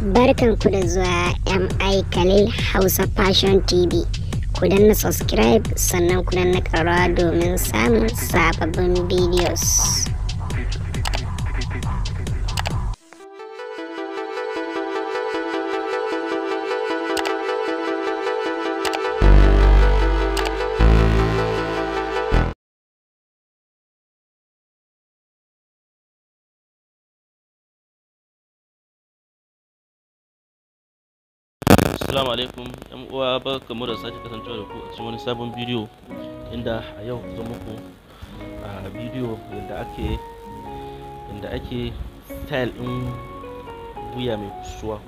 Barkanku da zuwa MI Khalil Hausa Fashion TV. Ku danna subscribe sannan ku danna ƙararrawa domin samun sababbin videos. Assalamu alaikum ƴan uwa barkamu da sake kasancewa da ku a cikin wani sabon bidiyo inda a yau zan muku a bidiyo yadda ake yadda ake style din wuya mai kusuwa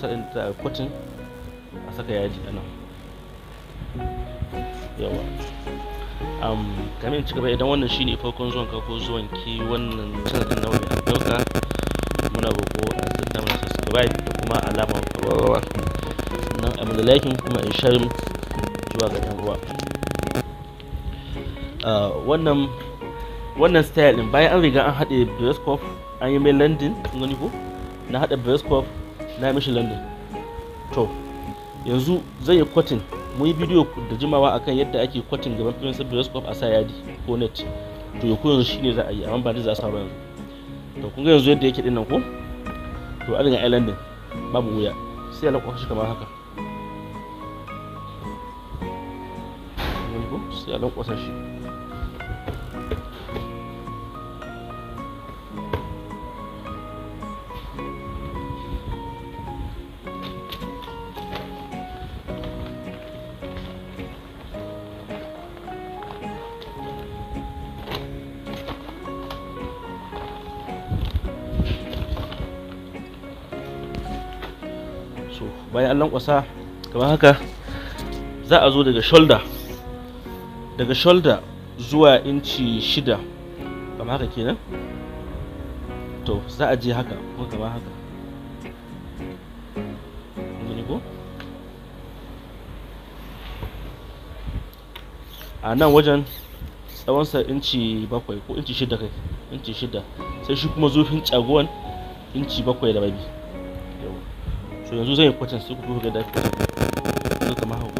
sa'in ta kwatin a saka yaji ana yawa am kamin ci gaba idan wannan shine farkon zuwan ka ko zuwan ki wannan channel din a wani subscribe da kuma alamar rawarwa sannan a da likin kuma in share zuwa ga yan ruwa ah, wannan wannan style din bayan an riga an haɗe Breskov an yi mai london sun gani ko na haɗa Breskov na mishi london to yanzu zai yi kwatin mun yi bidiyo da jimawa akan yadda ake kwatin gaban prince breskop a sa yadi ko net to yanzu shi ne za a yi amma ba ni za a sa ba yanzu to kun ga yanzu yadda yake dinnan ko to an ga island din babu wuya sai ya lankwasa shi kamar haka sai ya lankwasa shi bayan an lankwasa kamar haka za a zo daga shoulder daga shoulder zuwa inci shida kamar haka kenan to za a je haka kuma kamar haka a nan wajen tsawonsa inci bakwai ko inci shida kai inci shida sai shi kuma zurfin caguwan inci bakwai da rabi so yanzu zai kwacin su kudu ga dafi yanzu kamar hagu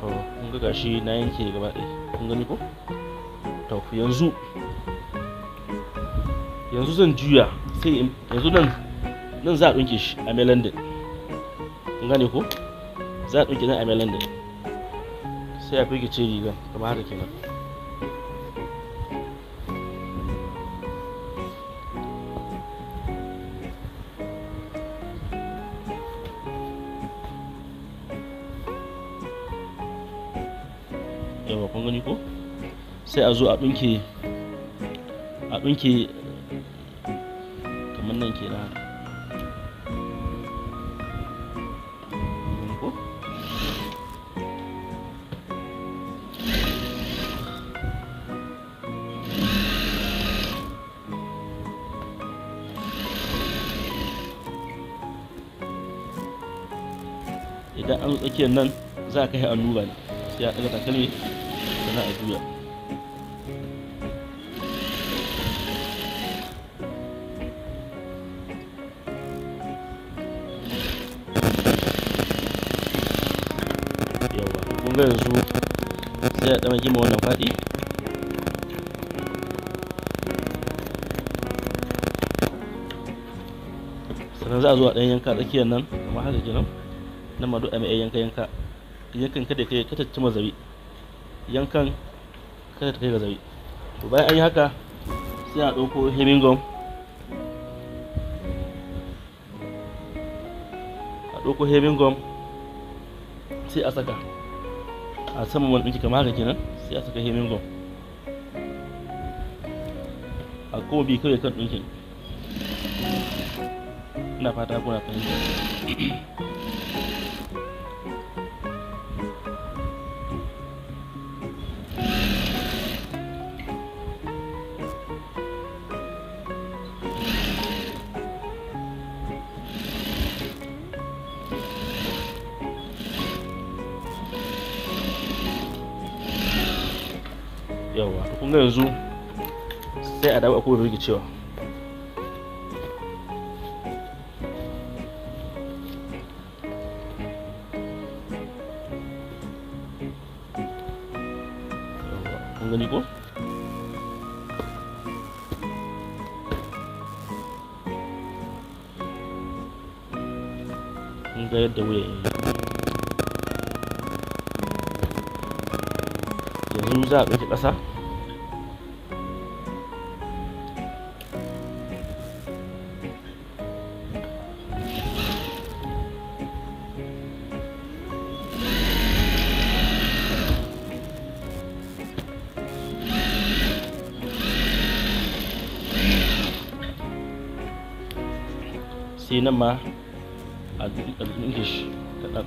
to kun ga gashi na yanke gaba ɗaya kun gani ko to yanzu yanzu zan juya sai yanzu nan nan za a ɗunke shi a melandin kun gane ko za a ɗunke nan a melandin sai a firgice rigan kamar haka kenan yawa kun gani ko sai a zo a ɗinke a ɗinke idan an tsakiyar nan za ka yi annuba ne sai a daga takalmi sannan a juya yawa kun ga yanzu sai a dama gima wannan faɗi sannan za a zuwa ɗayan ɗan yanka tsakiyar nan kamar haka kenan na madu a mai yanka yanka yankan kada kai ka tacci mazabi yankan kada ta kai ga zabi to bayan an yi haka sai a ɗauko hemingom a ɗauko hemingom sai a saka a saman wani ɗinki kamar haka kenan sai a saka hemingom a kuma bi kawai kan ɗinkin ina fata kuna fahimta yawa kuma yanzu sai a dawo a kuma rikicewa kun gani ko kun ga yadda wuya Yaninja ɗauki ƙasa sai nan ma a duk english kaɗan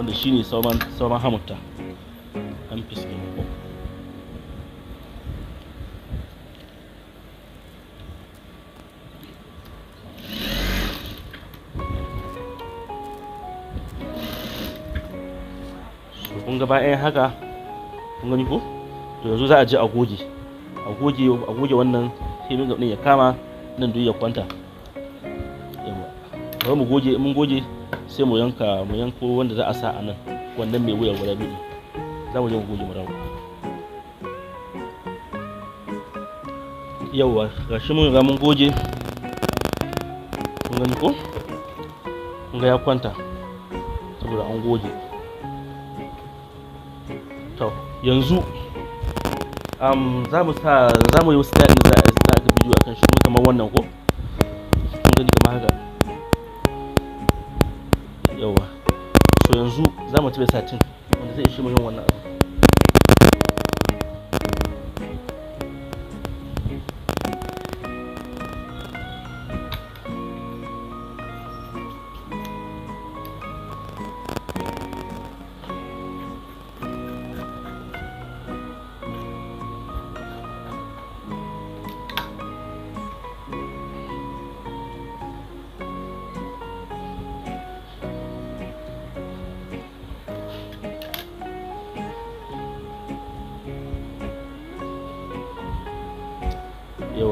wanda shine ne sauran hamutta an fiske kun ga bayan haka kun gani ko to yanzu za a je a goge a goge a goge wannan sai mun ga ya kama nan duk ya kwanta yawa bari mu goge mun goge sai mu yanka mu yanko wanda za a sa a nan wannan mai wuya guda biyu za mu je mu goge mu rawa yauwa shi mun ga mun goge kun gani ko kun ga ya kwanta saboda an goge to yanzu um, za mu sa za mu yi wasu daɗin za a bidiyo kan shi kamar wannan ko kun gani kamar haka to yanzu za mu sa satin wanda zai ishe mu yin wannan abu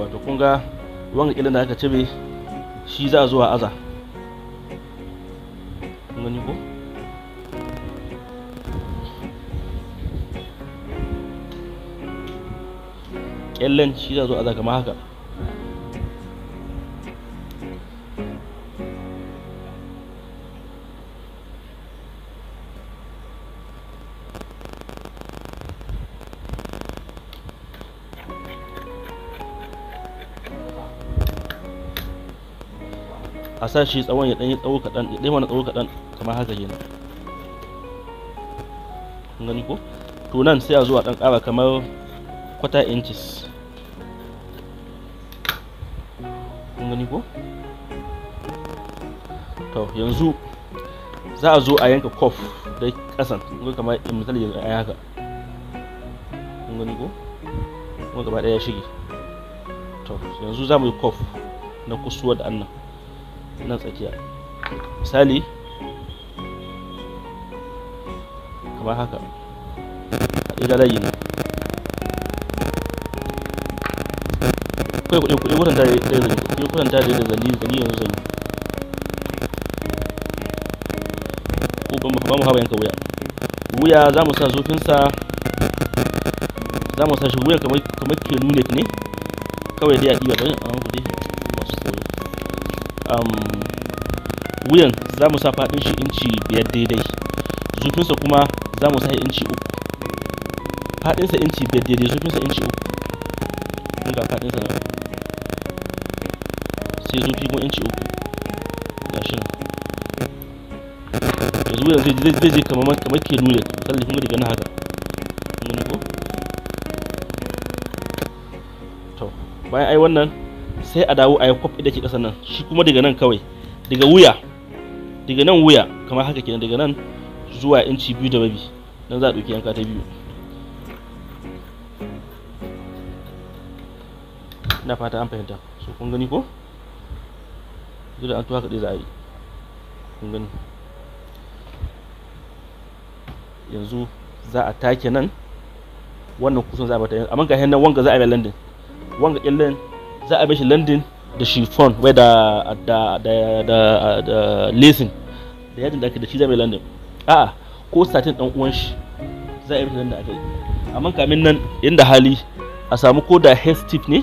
wato kun ga wanga kilin da aka cire shi za a zuwa aza kun gani ko kyallen shi za a zuwa aza kamar haka a sa shi tsawon ya ɗan yi tsawo kaɗan ya ɗaya mana tsawo kaɗan kamar haka kenan kun gani ko to nan sai a zuwa ɗan ƙara kamar kwata inches kun gani ko to yanzu za a zo a yanka kof da ƙasan kun kamar misali yanzu a haka kun gani ko kuma gaba ɗaya ya shige to yanzu za mu yi kof na kusuwa da annan nan tsakiya misali kamar haka ila layi ne kai kuɗi kuɗi kwatanta da yadda zani kuɗi kwatanta da yadda zani zani yanzu zani ba mu haɓa yanka wuya wuya za mu sa zofinsa za mu sa shi wuya kamar ke nune ne kawai dai a ɗiba don a hankali masu tsoro Um, wuyan za mu sa faɗin shi inci biyar daidai zufinsa kuma za mu sa inci uku faɗinsa inci biyar daidai zufinsa inci uku mun ga faɗinsa nan sai zufi kuma inci uku ga shi yanzu wuyan zai je kamar ke nuna tsalli kuma daga na haka ko bayan ai wannan sai a dawo a yi kwaf da ke ƙasan nan shi kuma daga nan kawai daga wuya daga nan wuya kamar haka kenan daga nan zuwa inci biyu da rabi nan za a ɗauki yanka ta biyu ina fata an fahimta so kun gani ko zuwa an tuwa kaɗai za a yi kun gani yanzu za a take nan wannan kusan za a bata amma ga hannun wanga za a yi landin wanga ƙyallen za a mishi landing da chiffon wai da da da da da lesin da yadda da ke da shi zai mai landing a'a ko satin dan uwan shi za a yi mishi landing kai amma kamin nan inda hali a samu ko da Hestif stiff ne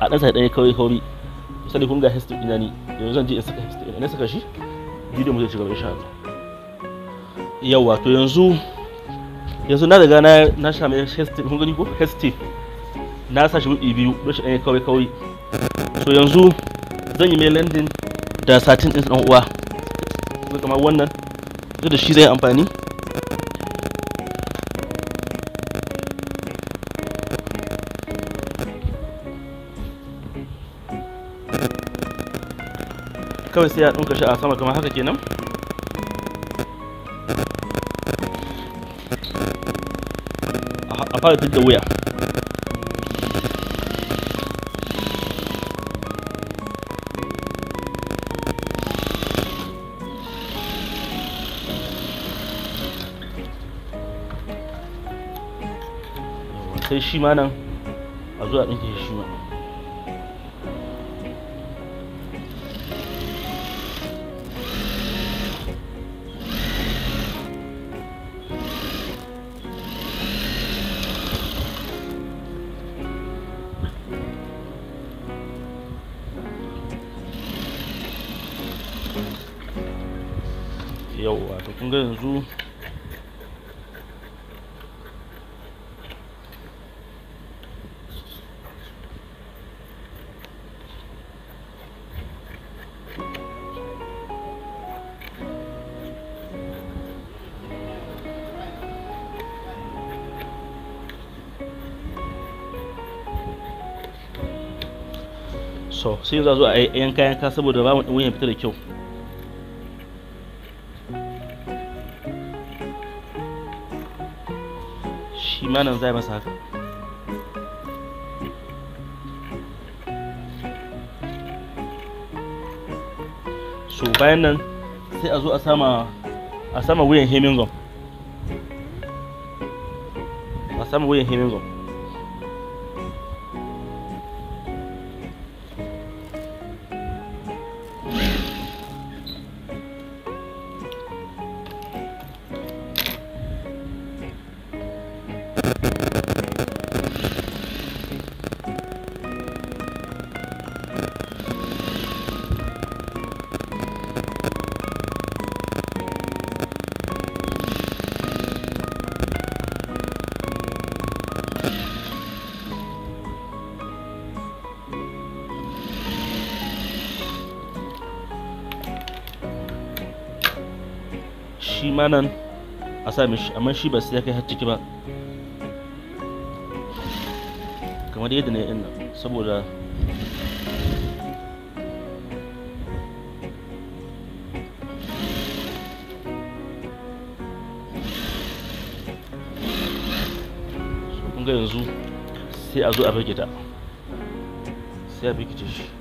a dan sai ya kawai kauri misali kun ga hair stiff ina ni yanzu zan je in saka Hestif stiff ina saka shi bidiyon mu zai ci gaba insha Allah yawa to yanzu yanzu na riga na na sha mai hair stiff kun gani ko hair stiff na sa shi biyu don shi ya kawai kawai to yanzu zan yi mai lendin da satin ɗin ɗan uwa zai kama wannan zai da shi zai amfani kawai sai ya ɗunka shi a sama kamar haka kenan a fara duk da wuya sai shi ma nan a zuwa ɗinke shi ma yau to kun ga yanzu so sai za zo a yanka yanka saboda ba mu wuyan fita da kyau shi ma nan zai masa haka so bayan nan sai a zo a sama a sama wuyan hemingon a sama wuyan hemingon imanan a sa mishi amma shi ba sai ya kai har ciki ba kamar yadda na yi nan saboda yanzu sai a zo a rage sai a rikice shi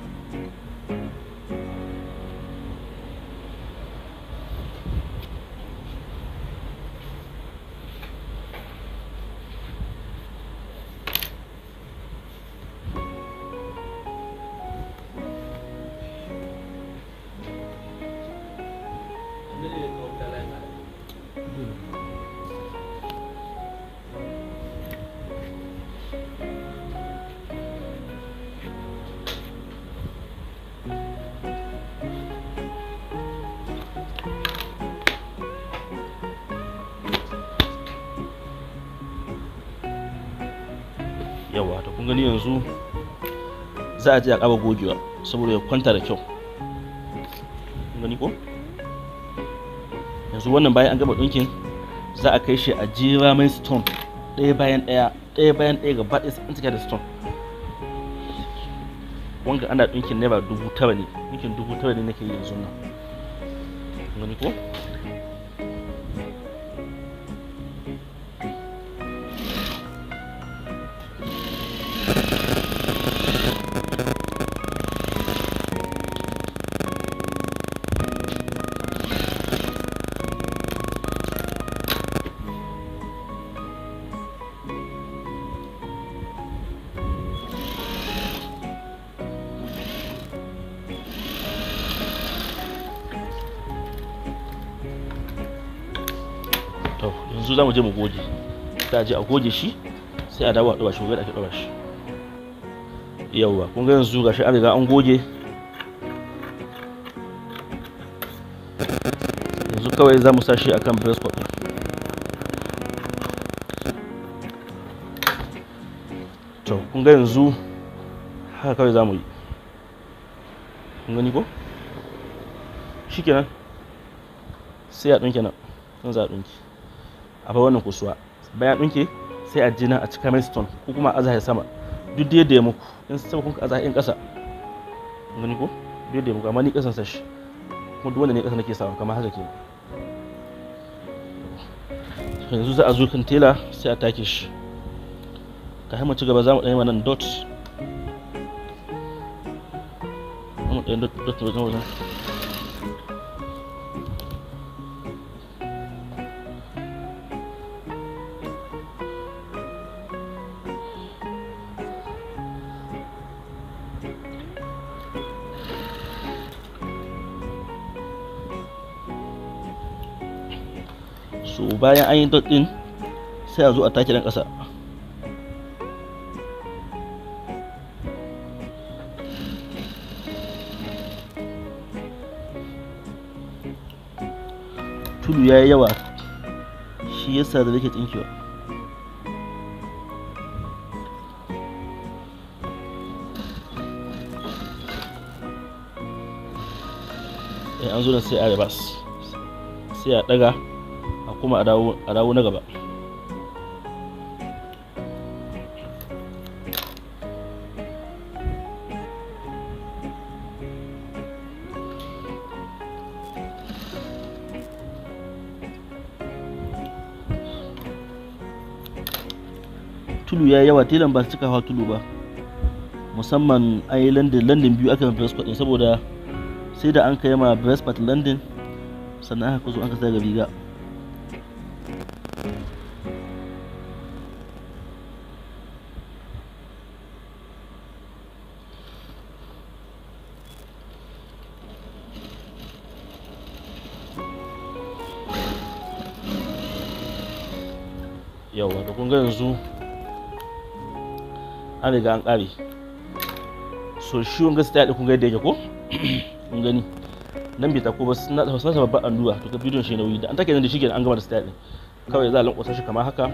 yawa ta kun gani yanzu za a je a kaba gogewa saboda ya kwanta da kyau gani ko yanzu wannan bayan an gama ɗinkin za a kai shi a jira mai stone ɗaya bayan ɗaya ɗaya bayan ɗaya gaba ɗaya an cika da stone wanga ana ɗinkin naira dubu tara ne ɗinkin dubu tara ne nake yanzu nan gani ko Yanzu za mu je mu goge ta je a goge shi sai a dawo a ɗora shi gobe ke ɗora shi yauwa kun ga yanzu gashi an riga an goge yanzu kawai za mu sa shi akan press pop to kun ga yanzu haka kawai za mu yi kun gani ko shikenan sai a ɗunke nan kun za a ɗunki A akwai wannan kusuwa bayan dinke sai a jina a cika mai ko kuma a ya sama duk da ya muku in sama kun azaha in ƙasa gani ko duk da ya muku amma ni kasan sashi kuma duk wanda ne kasa nake sawa kamar haka ke yanzu za a zo kan tela sai a take shi ka mu ci gaba za mu ɗanyi wannan dot mu ɗanyi dot dot wajen so bayan an yi dot din sai a zo a take dan ƙasa tudu yayi yawa shi yasa da nake tsinkewa an zo da sai a ribas sai a daga kuma a dawo na gaba tulu ya yawa tilan ba su cika hawa tulu ba musamman an yi landin landin biyu aka yi breastpad saboda sai da an kai ma breastpad landin sannan aka zo aka sai ga riga yawa da kun ga yanzu an riga an kare so shi wanga su ɗaya kun ga yadda yake ko kun gani nan bai tako ba suna nasa babban allura to ka bidiyon shi na wuyi da an take nan da shi an gama da style kawai za a lankwasa shi kamar haka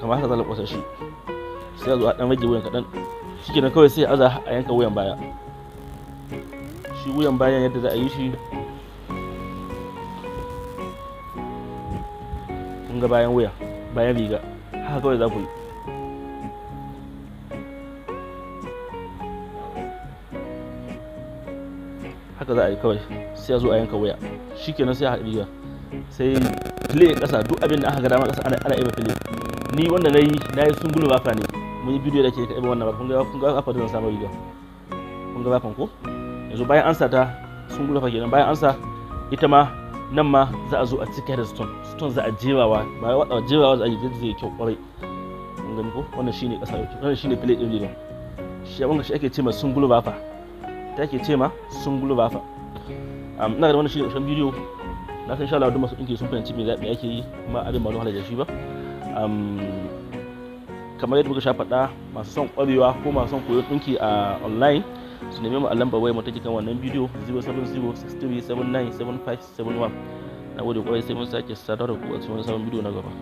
kamar haka za a lankwasa shi sai a zo a dan rage wuyan shike shikenan kawai sai a aza a yanka wuyan baya shi wuyan bayan yadda za a yi shi kun ga bayan wuya bayan riga haka kawai za ku yi haka za a yi kawai sai a zo a yanka wuya shikenan sai a haɗi riga sai fili ƙasa duk abin da aka ga dama ƙasa ana ana fili ni wanda na yi na yi sungulu baka ne mun yi bidiyo da ke kaɗa wannan ba kun ga kun ga kafa da zan samu riga kun ga zafin ko yanzu bayan ansa ta sun gulafa kenan bayan ansa ita ma nan ma za a zo a cika da stone stone za a jewawa ba wata jewawa za a yi zai kyau kwarai kun gani ko wannan shine kasa yau wannan shine plate din gidan shi abin shi ake ce ma sun gulafa ta ke ce ma sun gulafa na da wannan shine ƙarshen bidiyo na san insha Allah duk masu dinki sun fahimci me ake yi kuma abin ba don halar shi ba kamar yadda muka sha faɗa masu son kwarewa ko masu son koyon ɗinki a online su nemi mu a lambar waya mataki kan wannan bidiyo 0706379751 na gode kwarai sai mun sake sadarwa da ku a cikin sabon bidiyo na gaba